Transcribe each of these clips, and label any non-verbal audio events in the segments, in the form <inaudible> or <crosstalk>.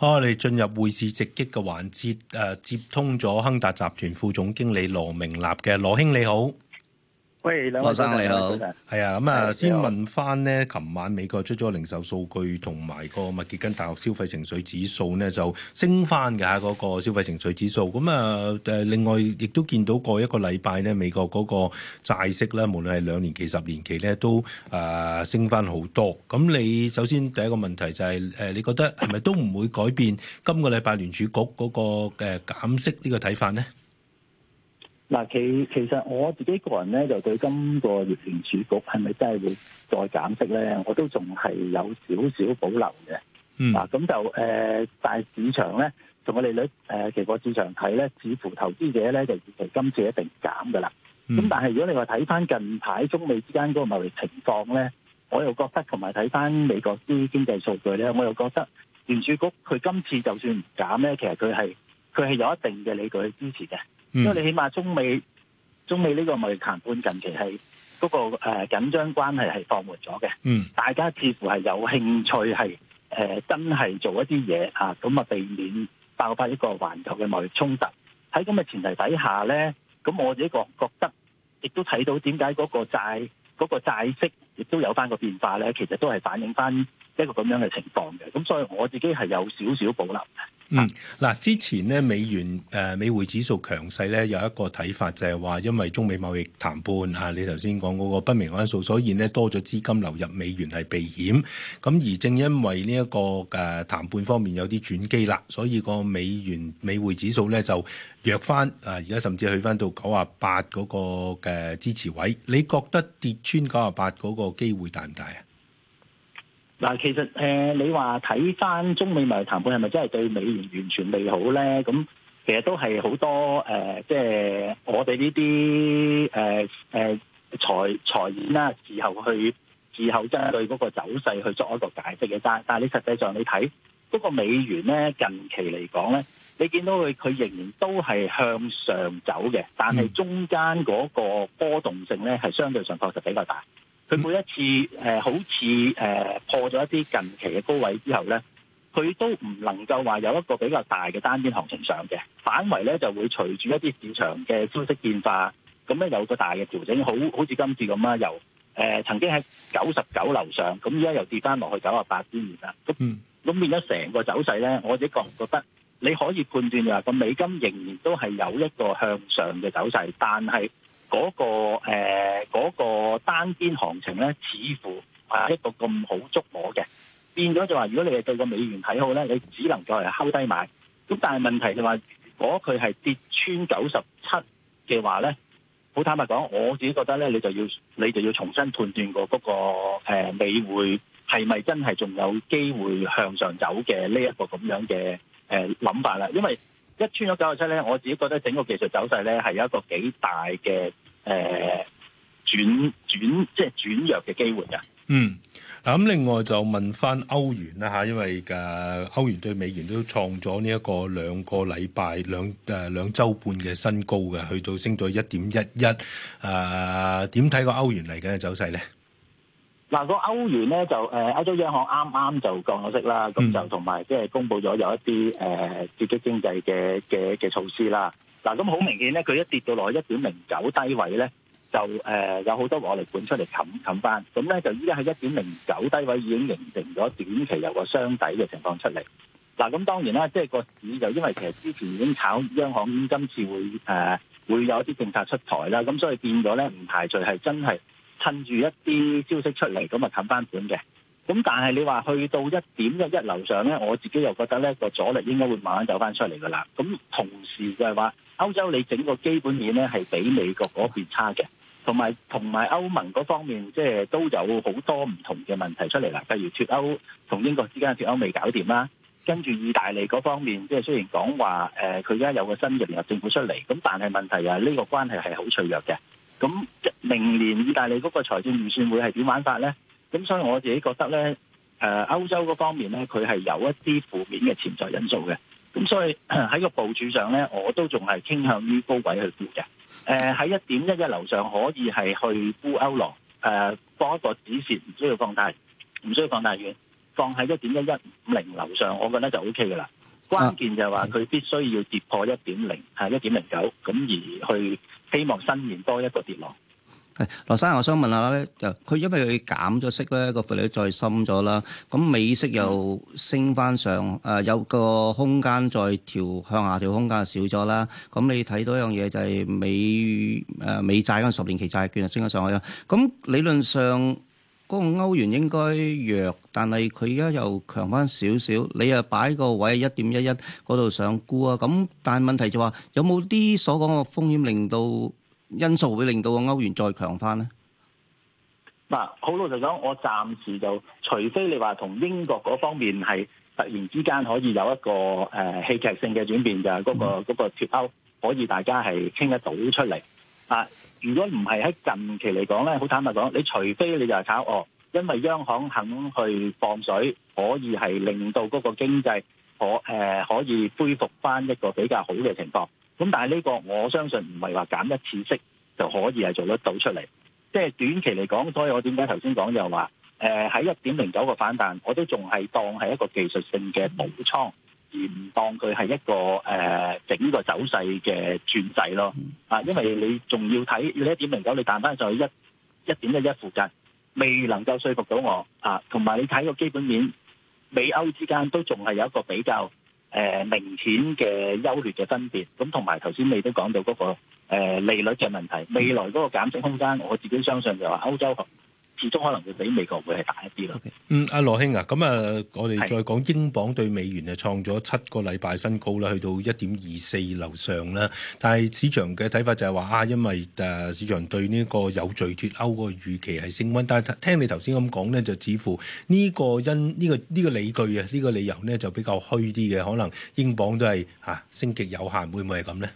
好，我哋進入匯市直擊嘅環節，誒，接通咗亨達集團副總經理羅明立嘅，羅兄你好。羅生你好，係啊，咁啊，先問翻咧，琴晚美國出咗零售數據同埋個密歇根大學消費情緒指數咧，就升翻嘅吓，嗰個消費情緒指數。咁啊，誒，另外亦都見到過一個禮拜咧，美國嗰個債息咧，無論係兩年期、十年期咧，都啊升翻好多。咁你首先第一個問題就係，誒，你覺得係咪都唔會改變今個禮拜聯儲局嗰個嘅減息呢個睇法咧？嗱，其其實我自己個人咧，就對今個月聯儲局係咪真係會再減息咧，我都仲係有少少保留嘅。嗯，嗱，咁就誒大市場咧，從個利率誒期貨市場睇咧，似乎投資者咧就預期今次一定減㗎啦。咁、嗯、但係如果你話睇翻近排中美之間嗰個貿易情況咧，我又覺得同埋睇翻美國啲經濟數據咧，我又覺得聯儲局佢今次就算唔減咧，其實佢係佢係有一定嘅理據去支持嘅。嗯、因為你起碼中美中美呢個貿易談判近期係嗰個誒、呃、緊張關係係放緩咗嘅，嗯、大家似乎係有興趣係誒、呃、真係做一啲嘢嚇，咁啊避免爆發一個環球嘅貿易衝突。喺咁嘅前提底下咧，咁我自己覺覺得亦都睇到點解嗰個債嗰個債息亦都有翻個變化咧，其實都係反映翻一個咁樣嘅情況嘅，咁所以我自己係有少少保留嘅。嗯，嗱，之前咧美元誒美匯指數強勢咧，有一個睇法就係話，因為中美貿易談判啊，你頭先講嗰個不明因素，所以咧多咗資金流入美元係避險。咁而正因為呢一個誒談判方面有啲轉機啦，所以個美元美匯指數咧就弱返啊，而家甚至去返到九啊八嗰個嘅支持位。你覺得跌穿九啊八嗰個機會大唔大啊？嗱，其實誒、呃，你話睇翻中美貿易談判係咪真係對美元完全利好咧？咁其實都係好多誒，即、呃、係、就是、我哋呢啲誒誒財財演啦，之後去之後針對嗰個走勢去作一個解釋嘅。但但係你實際上你睇嗰、那個美元咧，近期嚟講咧，你見到佢佢仍然都係向上走嘅，但係中間嗰個波動性咧係相對上確實比較大。佢每一次誒、呃、好似誒、呃、破咗一啲近期嘅高位之後呢，咧，佢都唔能夠話有一個比較大嘅單邊行情上嘅反為咧，就會隨住一啲市場嘅消息變化，咁咧有個大嘅調整，好好似今次咁啦，由誒、呃、曾經喺九十九樓上，咁依家又跌翻落去九十八點二啦，咁咁、嗯、變咗成個走勢咧，我自己覺唔覺得，你可以判斷話個美金仍然都係有一個向上嘅走勢，但係。嗰、那個誒嗰、呃那個單邊行情咧，似乎係一個咁好捉摸嘅，變咗就話，如果你係對個美元睇好咧，你只能夠係敲低買。咁但係問題就話，如果佢係跌穿九十七嘅話咧，好坦白講，我自己覺得咧，你就要你就要重新判斷過、那、嗰個、呃、美匯係咪真係仲有機會向上走嘅、這個、呢一個咁樣嘅誒諗法啦，因為，一穿咗九十七咧，我自己覺得整個技術走勢咧，係有一個幾大嘅誒轉轉，即係轉弱嘅機會嘅。嗯，嗱，咁另外就問翻歐元啦嚇，因為誒歐元對美元都創咗呢一個兩個禮拜兩誒兩週半嘅新高嘅，去到升咗一點一一。誒點睇個歐元嚟緊嘅走勢咧？嗱，個歐元咧就誒，歐洲央行啱啱就降咗息啦，咁就同埋即係公布咗有一啲誒刺激經濟嘅嘅嘅措施啦。嗱，咁好明顯咧，佢一跌到落去一點零九低位咧，就誒有好多獲利盤出嚟冚冚翻，咁咧就依家喺一點零九低位已經形成咗短期有個雙底嘅情況出嚟。嗱，咁當然啦，即係個市就因為其實之前已經炒央行今次會誒會有一啲政策出台啦，咁所以變咗咧唔排除係真係。趁住一啲消息出嚟，咁啊近翻本嘅。咁但係你話去到一點一一樓上呢，我自己又覺得呢個阻力應該會慢慢走翻出嚟噶啦。咁同時就係話歐洲你整個基本面呢係比美國嗰邊差嘅，同埋同埋歐盟嗰方面即係、就是、都有好多唔同嘅問題出嚟啦。例如脫歐同英國之間脫歐未搞掂啦，啊，跟住意大利嗰方面即係、就是、雖然講話誒佢而家有個新入嘅政府出嚟，咁但係問題係呢個關係係好脆弱嘅。咁。明年意大利嗰個財政預算會係點玩法呢？咁所以我自己覺得呢，誒、呃、歐洲嗰方面呢，佢係有一啲負面嘅潛在因素嘅。咁所以喺個部署上呢，我都仲係傾向於高位去沽嘅。誒喺一點一一樓上可以係去沽歐羅，誒、呃、多一個止蝕，唔需要放大，唔需要放大遠，放喺一點一一五零樓上，我覺得就 O K 嘅啦。關鍵就係話佢必須要跌破一點零，係一點零九咁而去希望新年多一個跌浪。羅生，我想問一下咧，就佢因為佢減咗息咧，個匯率再深咗啦，咁美息又升翻上，有個空間再調向下，調空間少咗啦。咁你睇到一樣嘢就係美美債十年期債券啊，升咗上去啦。咁理論上嗰、那個歐元應該弱，但係佢而家又強翻少少。你啊擺個位一點一一嗰度上沽啊，咁但問題就話、是、有冇啲所講個風險令到？因素會令到個歐元再強翻咧？嗱，好老實講，我暫時就除非你話同英國嗰方面係突然之間可以有一個誒、呃、戲劇性嘅轉變，就係、係、嗰、嗰個嗰脱歐可以大家係傾得到出嚟啊！如果唔係喺近期嚟講咧，好坦白講，你除非你就係炒哦，因為央行肯去放水，可以係令到嗰個經濟。我可，、呃、可以恢復翻一個比較好嘅情況，咁但係呢個我相信唔係話減一次息就可以係做得到出嚟。即係短期嚟講，所以我點解頭先講就係話誒喺一點零九個反彈，我都仲係當係一個技術性嘅補倉，而唔當佢係一個誒、呃、整個走勢嘅轉勢咯。啊、嗯，因為你仲要睇要一點零九，你彈翻上去一一點一一附近，未能夠說服到我啊。同埋你睇個基本面，美歐之間都仲係有一個比較誒、呃、明顯嘅優劣嘅分別，咁同埋頭先你都講到嗰、嗰個、呃、利率嘅問題，未來嗰個減息空間，我自己相信就係歐洲。始終可能會比美國會係大一啲咯。Okay. 嗯，阿羅兄啊，咁啊，我哋再講英鎊對美元啊，創咗七個禮拜新高啦，去到一點二四樓上啦。但係市場嘅睇法就係話啊，因為市場對呢個有序脱歐個預期係升溫，但係聽你頭先咁講咧，就似乎呢個因呢、呢個呢、呢個理據啊，呢、呢個理由咧就比較虛啲嘅，可能英鎊都係、啊、升極有限，會唔會係咁咧？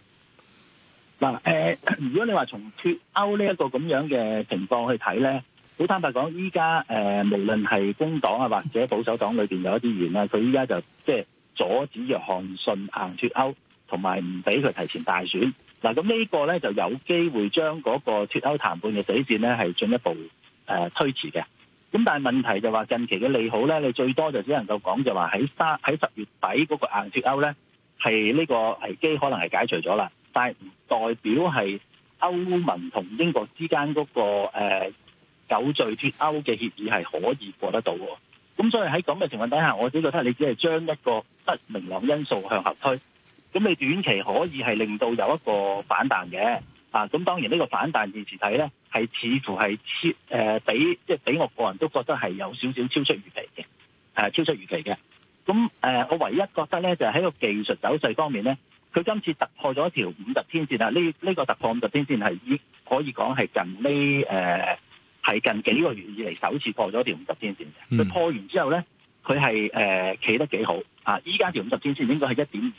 嗱、呃、如果你話從脱歐呢一個咁樣嘅情況去睇咧？好坦白講，依家誒，無論係工黨啊或者保守黨裏面有一啲議員，佢依家就即係阻止約翰遜硬脱歐，同埋唔俾佢提前大選。嗱，咁呢個咧就有機會將嗰個脱歐談判嘅死戰咧係進一步誒、呃、推遲嘅。咁但係問題就話近期嘅利好咧，你最多就只能夠講就話喺三喺十月底嗰個硬脱歐咧係呢個危機可能係解除咗啦，但係唔代表係歐盟同英國之間嗰、那個、呃有序脫歐嘅協議係可以過得到喎，咁所以喺咁嘅情況底下，我只覺得你只係將一個不明朗因素向後推，咁你短期可以係令到有一個反彈嘅，啊，咁當然呢個反彈現時睇呢，係似乎係超誒比即係畀我個人都覺得係有少少超出預期嘅，係、啊、超出預期嘅。咁誒、呃，我唯一覺得呢，就係、係、喺個技術走勢方面呢，佢今次突破咗一條五十天線啦，呢呢、呢個突破五十天線係已可以講係近嚟誒。呃係近幾個月以嚟首次破咗條五十天線，佢、嗯、破完之後咧，佢係誒企得幾好啊！依家條五十天線應該係一點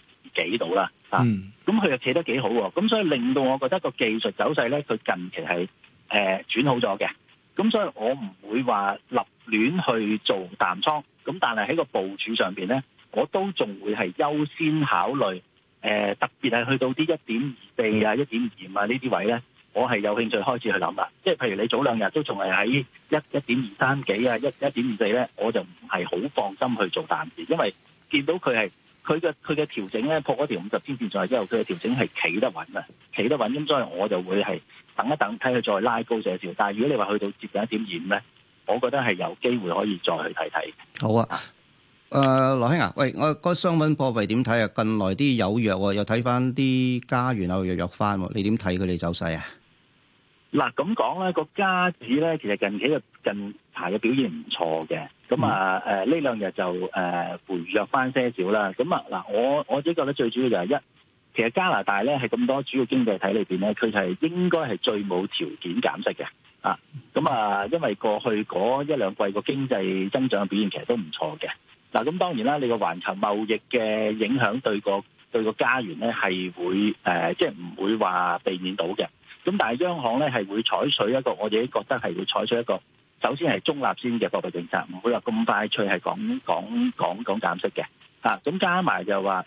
幾度啦，啊，咁佢又企得幾好喎！咁所以令到我覺得個技術走勢咧，佢近期係誒、呃、轉好咗嘅。咁所以我唔會話立亂去做淡倉，咁但係喺個部署上邊咧，我都仲會係優先考慮誒、呃，特別係去到啲一點二四啊、一點二五呢啲位咧。我係有興趣開始去諗啦，即係譬如你早兩日都仲係喺一一點二三幾啊，一一點二四咧，我就唔係好放心去做淡市，因為見到佢係佢嘅佢嘅調整咧，破嗰條五十天線在之後，佢嘅調整係企得穩啊，企得穩咁，所以我就會係等一等，睇佢再拉高少少。但係如果你話去到接近一點二五咧，我覺得係有機會可以再去睇睇。好啊，誒，羅兄啊，喂，我個商品破位點睇啊？近來啲有弱，又睇翻啲加元又弱翻，你點睇佢哋走勢啊？嗱，咁講咧，個加紙咧，其實近期嘅近排嘅表現唔錯嘅，咁啊誒呢兩日就誒回弱翻些少啦。咁啊嗱，我我自己覺得最主要就係一，其實加拿大咧係咁多主要經濟體裏邊咧，佢係應該係最冇條件減息嘅啊。咁啊，因為過去嗰一兩季個經濟增長嘅表現其實都唔錯嘅。嗱，咁當然啦，你個環球貿易嘅影響對個對個加元咧係會誒，即係唔會話避免到嘅。咁但係央行咧係會採取一個，我自己覺得係會採取一個，首先係中立先嘅貨幣政策，唔會話咁快脆係講講講講減息嘅。咁、啊、加埋就話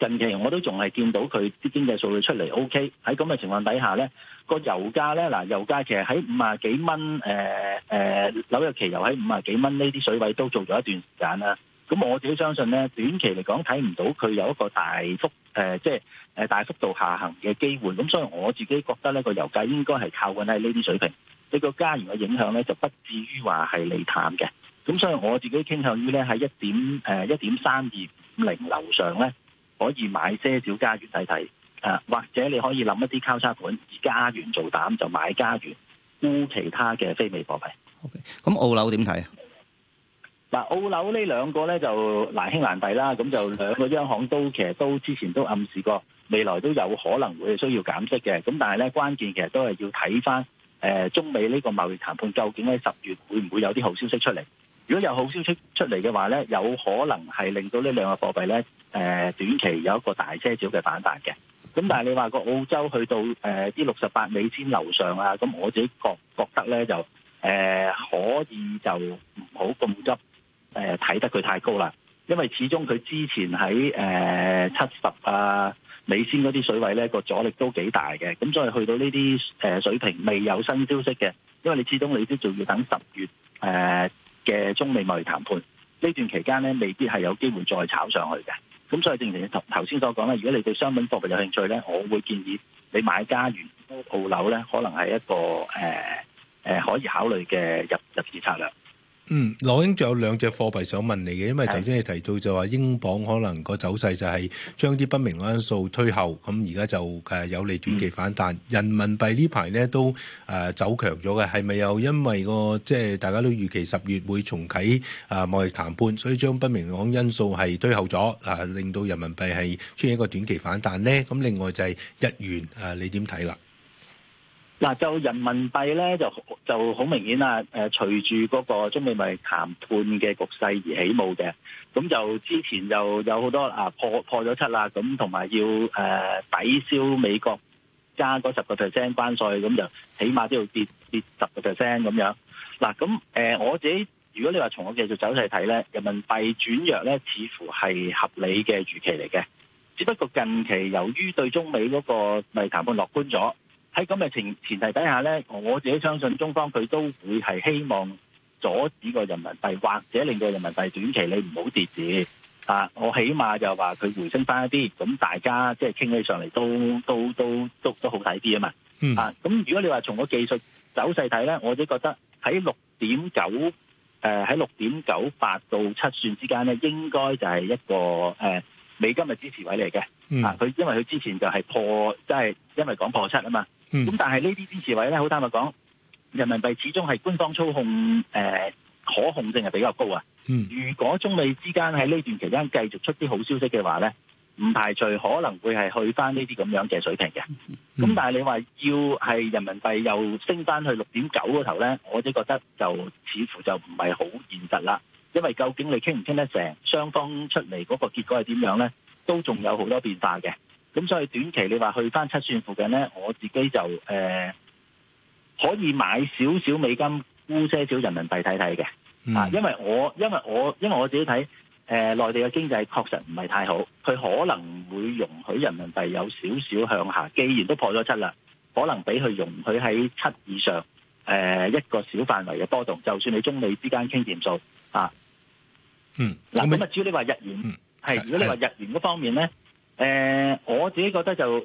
近期我都仲係見到佢啲經濟數據出嚟 OK，喺咁嘅情況底下咧，個油價咧嗱，油價其實喺五啊幾蚊，誒、呃、誒、呃、紐約期油喺五啊幾蚊呢啲水位都做咗一段時間啦。咁我自己相信咧，短期嚟講睇唔到佢有一個大幅誒、呃，即係誒大幅度下行嘅機會。咁所以我自己覺得咧，個油價應該係靠緊喺呢啲水平。呢、呢個加元嘅影響咧就不至於話係利淡嘅。咁所以我自己傾向於咧喺一點誒一點三二零樓上咧，可以買些少加元睇睇。誒、啊、或者你可以諗一啲交叉盤，以加元做膽就買加元沽，其他嘅非美貨幣。O.K. 咁澳樓點睇啊？嗱，澳樓呢兩個咧就難兄難弟啦，咁就兩個央行都其實都之前都暗示過，未來都有可能會需要減息嘅。咁但係咧，關鍵其實都係要睇翻誒中美呢個貿易談判究竟喺十月會唔會有啲好消息出嚟？如果有好消息出嚟嘅話咧，有可能係令到呢兩個貨幣咧誒短期有一個大車小嘅反彈嘅。咁但係你話個澳洲去到誒啲六十八美仙樓上啊，咁我自己覺覺得咧就誒可以就唔好咁急。誒睇得佢太高啦，因為始終佢之前喺誒七十啊尾先嗰啲水位咧個阻力都幾大嘅，咁所以去到呢啲水平未有新消息嘅，因為你始終你都仲要等十月誒嘅、呃、中美貿易談判呢段期間咧，未必係有機會再炒上去嘅。咁所以正如頭頭先所講啦，如果你對商品貨幣有興趣咧，我會建議你買加元鋪樓咧，可能係一個誒、呃呃、可以考慮嘅入入市策略。嗯，羅英仲有兩隻貨幣想問你嘅，因為頭先你提到就話英鎊可能個走勢就係將啲不明朗因素推後，咁而家就有利短期反彈。嗯、人民幣呢排咧都走強咗嘅，係咪又因為個即係大家都預期十月會重啟啊貿易談判，所以將不明朗因素係推後咗，啊令到人民幣係出現一個短期反彈咧？咁另外就係日元，你點睇啦？嗱，就人民幣咧，就就好明顯啦。誒、呃，隨住嗰個中美貿易談判嘅局勢而起舞嘅，咁就之前又有好多啊破破咗七啦，咁同埋要誒、呃、抵消美國加嗰十個 percent 關稅，咁就起碼都要跌跌十個 percent 咁樣。嗱，咁、呃、我自己，如果你話從我繼續走勢睇咧，人民幣轉弱咧，似乎係合理嘅預期嚟嘅。只不過近期由於對中美嗰個咪談判樂觀咗。喺咁嘅前前提底下咧，我自己相信中方佢都會係希望阻止個人民幣或者令到人民幣短期你唔好跌市啊！我起碼就話佢回升翻一啲，咁大家即係傾起上嚟都都都都都好睇啲啊嘛！嗯、啊，咁如果你話從個技術走勢睇咧，我哋覺得喺六點九誒，喺六點九八到七算之間咧，應該就係一個誒、呃、美金嘅支持位嚟嘅、嗯、啊！佢因為佢之前就係破，即、就、係、是、因為講破七啊嘛。咁、嗯、但係呢啲支持位咧，好坦白講，人民幣始終係官方操控，誒、呃，可控性係比較高啊。嗯、如果中美之間喺呢段期間繼續出啲好消息嘅話咧，唔排除可能會係去翻呢啲咁樣嘅水平嘅。咁、嗯、但係你話要係人民幣又升翻去六點九嗰頭咧，我都覺得就似乎就唔係好現實啦。因為究竟你傾唔傾得成，雙方出嚟嗰個結果係點樣咧，都仲有好多變化嘅。咁所以短期你話去翻七算附近咧，我自己就誒、呃、可以買少少美金沽些少人民幣睇睇嘅啊。因為我因為我因為我自己睇誒、呃、內地嘅經濟確實唔係太好，佢可能會容許人民幣有少少向下。既然都破咗七啦，可能俾佢容許喺七以上誒、呃、一個小範圍嘅波動。就算你中美之間傾掂數啊，嗯，嗱咁啊，主要你話日元係、嗯，如果你話日元嗰方面咧。誒、呃，我自己覺得就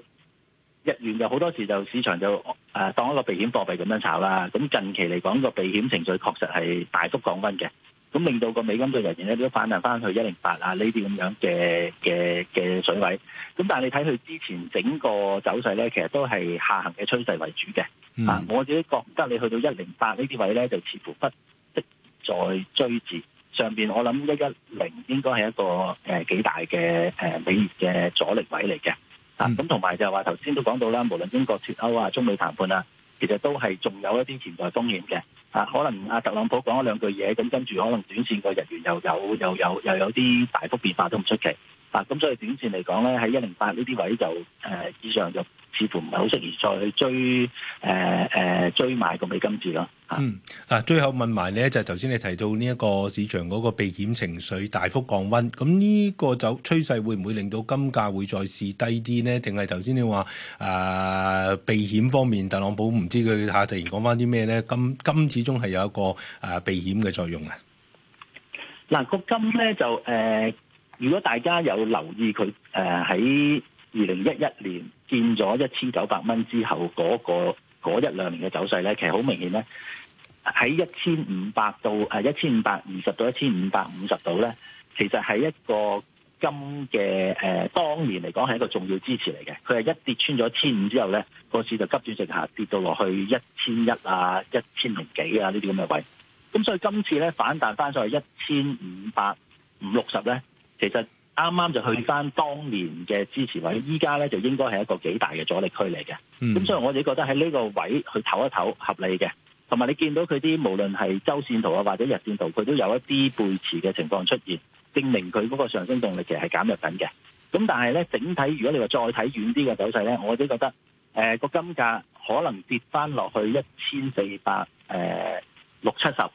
日元就好多時就市場就誒、啊、當一個避險貨幣咁樣炒啦。咁近期嚟講個避險情緒確實係大幅降溫嘅，咁令到個美金對日元咧都反彈翻去一零八啊呢啲咁樣嘅嘅嘅水位。咁但係你睇佢之前整個走勢咧，其實都係下行嘅趨勢為主嘅。嗯、啊，我自己覺得你去到一零八呢啲位咧，就似乎不適再追止。上面我諗一一零應該係一個誒幾大嘅誒美元嘅阻力位嚟嘅啊，咁同埋就係話頭先都講到啦，無論英國脱歐啊、中美談判啊，其實都係仲有一啲潛在風險嘅啊，可能阿特朗普講咗兩句嘢，咁跟住可能短線個日元又有又有又有啲大幅變化都唔出奇啊，咁所以短線嚟講咧，喺一零八呢啲位就誒、啊、以上就。似乎唔係好適宜再去追誒誒、呃、追埋個美金字咯。嗯，嗱，最後問埋你咧，就係頭先你提到呢一個市場嗰個避險情緒大幅降溫，咁呢個就趨勢會唔會令到金價會再試低啲咧？定係頭先你話誒、呃、避險方面，特朗普唔知佢下突然講翻啲咩咧？金金始終係有一個誒、呃、避險嘅作用嘅。嗱，個金咧就誒、呃，如果大家有留意佢誒喺二零一一年。變咗一千九百蚊之後，嗰個嗰一兩年嘅走勢咧，其實好明顯咧，喺一千五百到一千五百二十到一千五百五十度咧，其實係一個金嘅誒當年嚟講係一個重要支持嚟嘅。佢係一跌穿咗一千五之後咧，個市就急轉直下跌到落去一千一啊、一千零幾啊呢啲咁嘅位。咁所以今次咧反彈翻上去一千五百五六十咧，其實。啱啱就去翻當年嘅支持位，依家咧就應該係一個幾大嘅阻力區嚟嘅。咁、嗯、所以，我哋覺得喺呢個位去唞一唞合理嘅，同埋你見到佢啲無論係周線圖啊或者日線圖，佢都有一啲背馳嘅情況出現，證明佢嗰個上升動力其實係減弱緊嘅。咁但係咧，整體如果你話再睇遠啲嘅走勢咧，我哋都覺得誒個、呃、金價可能跌翻落去一千四百誒六七十。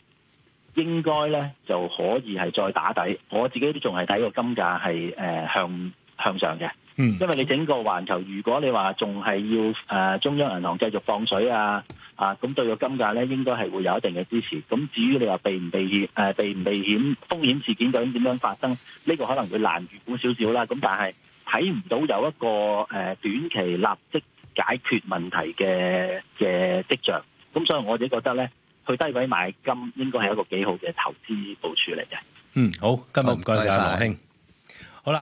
應該咧就可以係再打底，我自己都仲係睇個金價係誒向向上嘅，因為你整個環球，如果你話仲係要誒中央銀行繼續放水啊，啊咁對個金價咧應該係會有一定嘅支持。咁至於你話避唔避險誒避唔避險風險事件究竟點樣發生，呢個可能會難預估少少啦。咁但係睇唔到有一個誒短期立即解決問題嘅嘅跡象，咁所以我自己覺得咧。去低位買金應該係一個幾好嘅投資部署嚟嘅。嗯，好，今日唔該曬羅兄。好啦，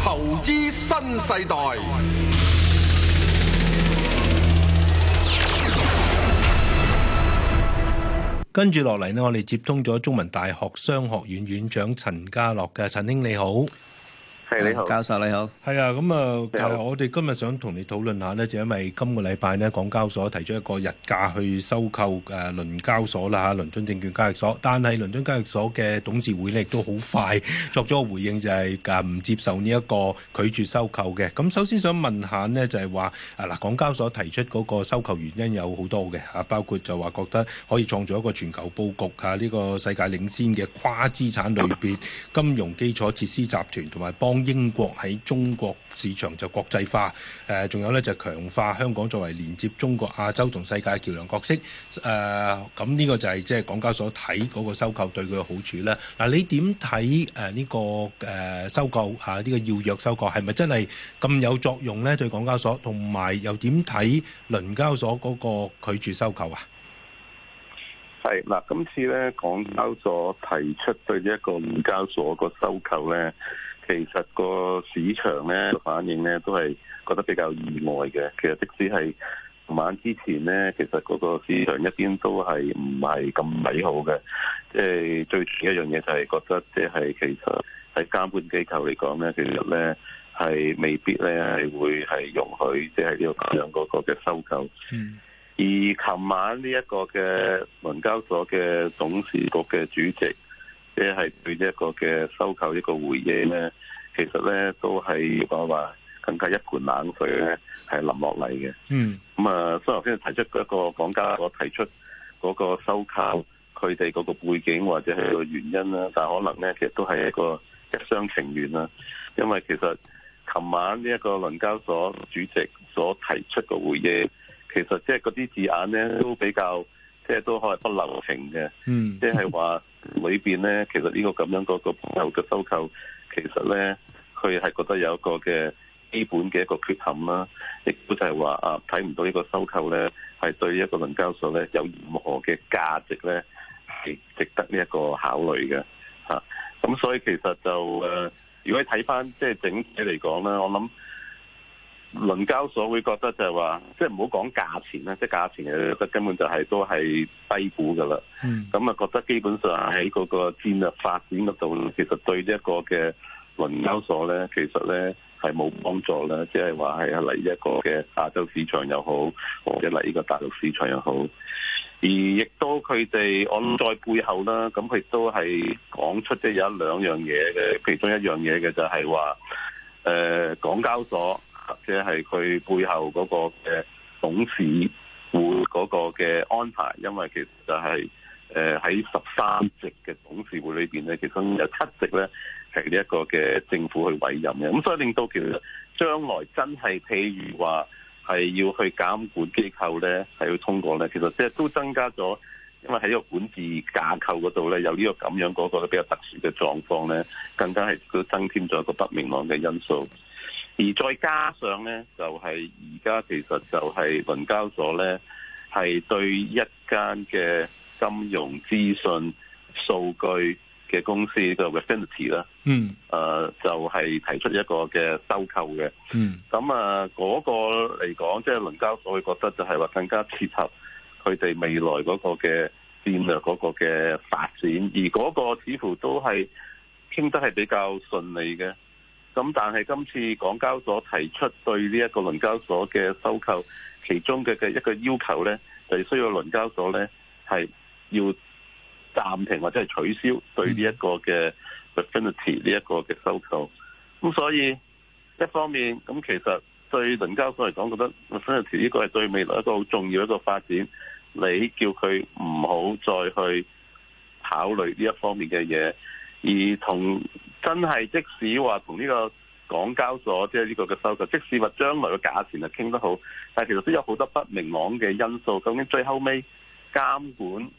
投資新世代。跟住落嚟呢，我哋接通咗中文大學商學院院長陳家樂嘅。陳兄你好。你好，教授你好。係啊，咁、嗯、啊，好我哋今日想同你討論下呢就，因為今個禮拜呢港交所提出一個日價去收購誒倫交所啦，嚇倫敦證券交易所。但係倫敦交易所嘅董事會咧，亦都好快作咗個回應，就係誒唔接受呢一個拒絕收購嘅。咁首先想問下呢就係話啊嗱，港交所提出嗰個收購原因有好多嘅，包括就話覺得可以創造一個全球佈局啊，呢個世界領先嘅跨資產類別 <laughs> 金融基礎設施集團，同埋幫英國喺中國市場就國際化，誒仲有咧就強化香港作為連接中國、亞洲同世界嘅橋梁角色。誒咁呢個就係即係港交所睇嗰個收購對佢嘅好處啦。嗱，你點睇誒呢個誒收購嚇呢個要約收購係咪真係咁有作用咧？對港交所同埋又點睇倫交所嗰個拒絕收購啊？係嗱，今次咧港交所提出對一個倫交所個收購咧。其實個市場咧個反應咧都係覺得比較意外嘅。其實即使係琴晚之前咧，其實嗰個市場一邊都係唔係咁美好嘅。即係最主要一樣嘢就係覺得即係其實喺監管機構嚟講咧，其實咧係未必咧係會係容許即係呢個咁樣嗰個嘅收購。嗯。而琴晚呢一個嘅倫交所嘅董事局嘅主席。即係對一個嘅收購一個回應咧，其實咧都係講話更加一盆冷水咧，係淋落嚟嘅。嗯，咁啊、嗯，所以頭先提出一個講家，我提出嗰個收購佢哋嗰個背景或者係個原因啦，但係可能咧，其實都係一個一廂情願啦。因為其實琴晚呢一個倫交所主席所提出嘅回應，其實即係嗰啲字眼咧都比較。即係都係不能停嘅，即係話裏邊咧，面呢 <laughs> 其實呢個咁樣嗰個朋友嘅收購，其實咧佢係覺得有一個嘅基本嘅一個缺陷啦，亦都就係話啊睇唔到呢個收購咧係對一個倫交所咧有任何嘅價值咧係值得呢一個考慮嘅嚇，咁、啊、所以其實就誒、呃、如果你睇翻即係整體嚟講咧，我諗。倫交所會覺得就係話，即係唔好講價錢啦，即係價錢嘅根本就係都係低估噶啦。咁啊、嗯、覺得基本上喺嗰個戰略發展嗰度，其實對呢、就是、是一個嘅倫交所咧，其實咧係冇幫助啦。即係話係嚟一個嘅亞洲市場又好，或者嚟呢個大陸市場又好，而亦都佢哋我在背後啦，咁佢都係講出即有一兩樣嘢嘅，其中一樣嘢嘅就係話，誒、呃、港交所。即係佢背後嗰個嘅董事會嗰個嘅安排，因為其實就係誒喺十三席嘅董事會裏邊咧，其實有七席咧係呢一個嘅政府去委任嘅，咁所以令到其實將來真係譬如話係要去監管機構咧，係要通過咧，其實即係都增加咗，因為喺個管治架構嗰度咧，有呢個咁樣嗰個比較特殊嘅狀況咧，更加係都增添咗一個不明朗嘅因素。而再加上呢，就係而家其實就係倫交所呢，係對一間嘅金融資訊數據嘅公司嘅 Refinitiv、就是、啦嗯誒、呃、就係、是、提出一個嘅收購嘅嗯咁啊、嗰個嚟講即係倫交所會覺得就係話更加切合佢哋未來嗰個嘅戰略嗰個嘅發展，而嗰個似乎都係傾得係比較順利嘅咁但係今次港交所提出對呢一個倫交所嘅收購，其中嘅嘅一個要求呢，就是需要倫交所呢係要暫停或者係取消對呢一個嘅 Refinitiv 呢一個嘅收購。咁所以一方面，咁其實對倫交所嚟講，覺得 Refinitiv 呢個係對未來一個好重要一個發展。你叫佢唔好再去考慮呢一方面嘅嘢，而同。真係即使話同呢個港交所即係呢個嘅收購，即使話將來嘅價錢係傾得好，但係其實都有好多不明朗嘅因素。究竟最後尾監管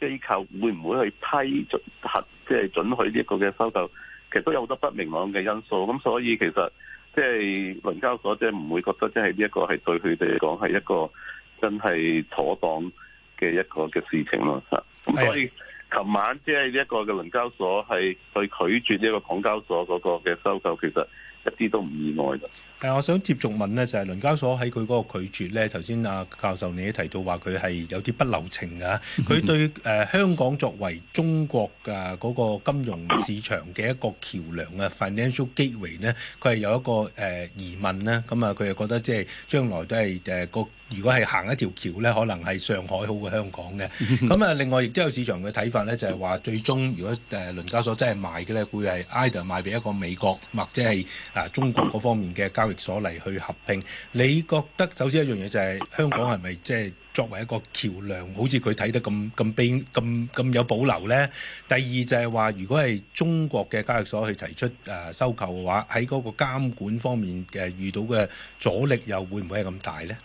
機構會唔會去批核，即係准許呢一個嘅收購？其實都有好多不明朗嘅因素。咁所以其實即係倫交所即係唔會覺得即係呢一個係對佢哋嚟講係一個真係妥當嘅一個嘅事情咯。咁所以。琴晚即係呢個嘅倫交所係去拒絕呢個港交所嗰個嘅收購，其實一啲都唔意外嘅。誒、嗯，我想接續問呢，就係倫交所喺佢嗰個拒絕呢，頭先阿教授你提到話佢係有啲不留情噶，佢對誒、呃、香港作為中國嘅嗰、啊那個金融市場嘅一個橋梁嘅、啊、financial 基圍咧，佢係有一個誒、呃、疑問呢，咁啊佢又覺得即係將來都係誒個，如果係行一條橋呢，可能係上海好過香港嘅。咁啊，另外亦都有市場嘅睇法呢就係、是、話最終如果誒倫交所真係賣嘅呢，會係 ider 賣俾一個美國或者係啊中國嗰方面嘅交。交易所嚟去合併，你覺得首先一樣嘢就係香港係咪即係作為一個橋樑，好似佢睇得咁咁悲咁咁有保留呢？第二就係話，如果係中國嘅交易所去提出誒收購嘅話，喺嗰個監管方面嘅遇到嘅阻力又會唔會係咁大呢？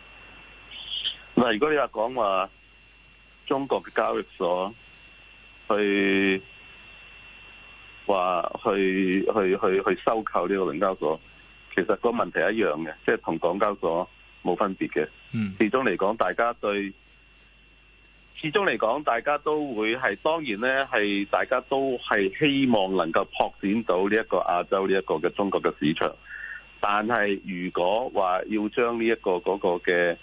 嗱，如果你話講話中國嘅交易所去話去去去去收購呢個倫交所。其實個問題一樣嘅，即係同港交所冇分別嘅。嗯，始終嚟講，大家對，始終嚟講，大家都會係，當然咧，係大家都係希望能夠拓展到呢一個亞洲呢一個嘅中國嘅市場。但係如果話要將呢一個嗰個嘅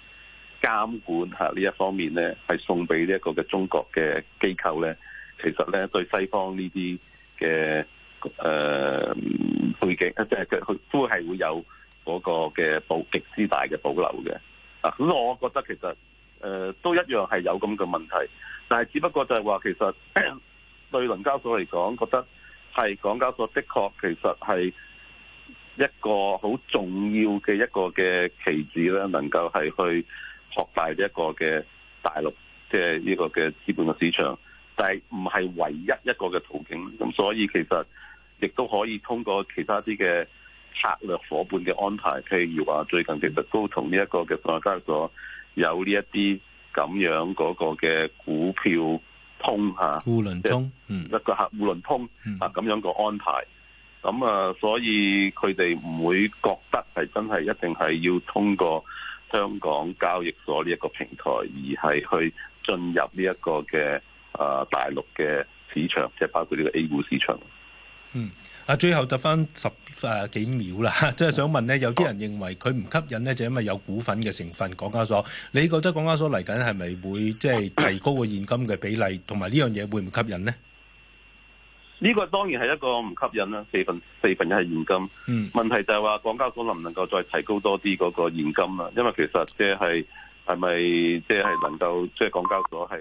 監管吓呢一方面咧，係送俾呢一個嘅中國嘅機構咧，其實咧對西方呢啲嘅。誒背景啊，即係佢都係會有嗰個嘅保極之大嘅保留嘅啊，咁我覺得其實誒、呃、都一樣係有咁嘅問題，但係只不過就係話其實對倫交所嚟講，覺得係港交所的確其實係一個好重要嘅一個嘅棋子咧，能夠係去擴大一個嘅大陸，即係呢個嘅資本嘅市場，但係唔係唯一一個嘅途徑，咁所以其實。亦都可以通過其他啲嘅策略伙伴嘅安排，譬如話最近其實都同呢一個嘅上海交易所有呢一啲咁樣嗰個嘅股票通嚇，滬倫通，一個客滬倫通啊咁、嗯、樣個安排。咁啊，所以佢哋唔會覺得係真係一定係要通過香港交易所呢一個平台，而係去進入呢一個嘅啊大陸嘅市場，即係包括呢個 A 股市場。嗯，啊，最後得翻十誒幾秒啦，即係想問咧，有啲人認為佢唔吸引咧，就因為有股份嘅成分，港交所。你覺得港交所嚟緊係咪會即係提高個現金嘅比例，同埋呢樣嘢會唔吸引呢？呢個當然係一個唔吸引啦，四分四分一係現金。嗯，問題就係話港交所能唔能夠再提高多啲嗰個現金啊？因為其實即係係咪即係能夠即係港交所係？